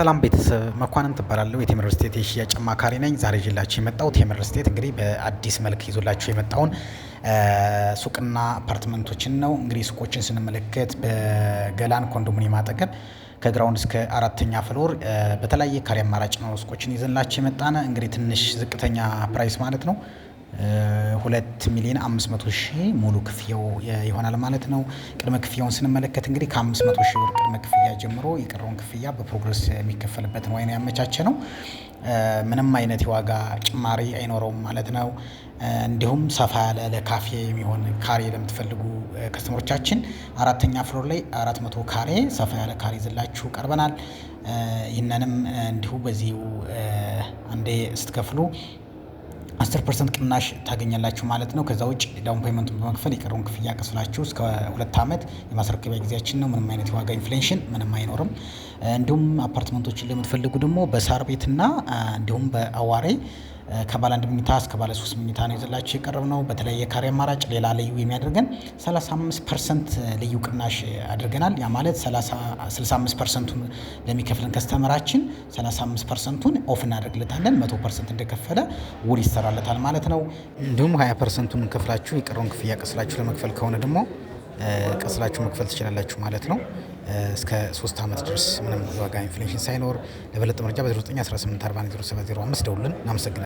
ሰላም ቤተሰብ መኳንንት ትባላለሁ። የቴምር ስቴት የሽያጭ አማካሪ ነኝ። ዛሬ ይዤላችሁ የመጣው ቴምር ስቴት እንግዲህ በአዲስ መልክ ይዞላችሁ የመጣውን ሱቅና አፓርትመንቶችን ነው። እንግዲህ ሱቆችን ስንመለከት በገላን ኮንዶሚኒየም አጠገብ ከግራውንድ እስከ አራተኛ ፍሎር በተለያየ ካሬ አማራጭ ነው ሱቆችን ይዘንላችሁ የመጣነ እንግዲህ ትንሽ ዝቅተኛ ፕራይስ ማለት ነው ሁለት ሚሊዮን አምስት መቶ ሺህ ሙሉ ክፍያው ይሆናል ማለት ነው። ቅድመ ክፍያውን ስንመለከት እንግዲህ ከአምስት መቶ ሺህ ብር ቅድመ ክፍያ ጀምሮ የቀረውን ክፍያ በፕሮግረስ ነው ወይ ያመቻቸ ነው። ምንም አይነት የዋጋ ጭማሪ አይኖረውም ማለት ነው። እንዲሁም ሰፋ ያለ ለካፌ የሚሆን ካሬ ለምትፈልጉ ከስተመሮቻችን አራተኛ ፍሎር ላይ አራት መቶ ካሬ ሰፋ ያለ ካሬ ዝላችሁ ቀርበናል። ይህንንም እንዲሁ በዚሁ አንዴ ስትከፍሉ አስር ፐርሰንት ቅናሽ ታገኛላችሁ ማለት ነው። ከዛ ውጭ ዳውን ፔመንቱ በመክፈል የቀረውን ክፍያ ከፍላችሁ እስከ ሁለት ዓመት የማስረከቢያ ጊዜያችን ነው። ምንም አይነት የዋጋ ኢንፍሌሽን ምንም አይኖርም። እንዲሁም አፓርትመንቶችን ለምትፈልጉ ደግሞ በሳር ቤትና እንዲሁም በአዋሬ ከባለ አንድ ምኝታ እስከ ባለ ሶስት ምኝታ ነው ይዘላችሁ የቀረብ ነው። በተለይ የካሬ አማራጭ ሌላ ልዩ የሚያደርገን 35 ፐርሰንት ልዩ ቅናሽ አድርገናል። ያ ማለት 65 ፐርሰንቱን ለሚከፍለን ከስተመራችን 35 ፐርሰንቱን ኦፍ እናደርግለታለን። መቶ ፐርሰንት እንደከፈለ ውል ይሰራለታል ማለት ነው። እንዲሁም 20 ፐርሰንቱን እንከፍላችሁ የቀረውን ክፍያ ቀስላችሁ ለመክፈል ከሆነ ደግሞ ቀስላችሁ መክፈል ትችላላችሁ ማለት ነው። እስከ ሶስት ዓመት ድረስ ምንም ዋጋ ኢንፍሌሽን ሳይኖር ለበለጠ መረጃ በ0918407005 ደውልን። እናመሰግናለን።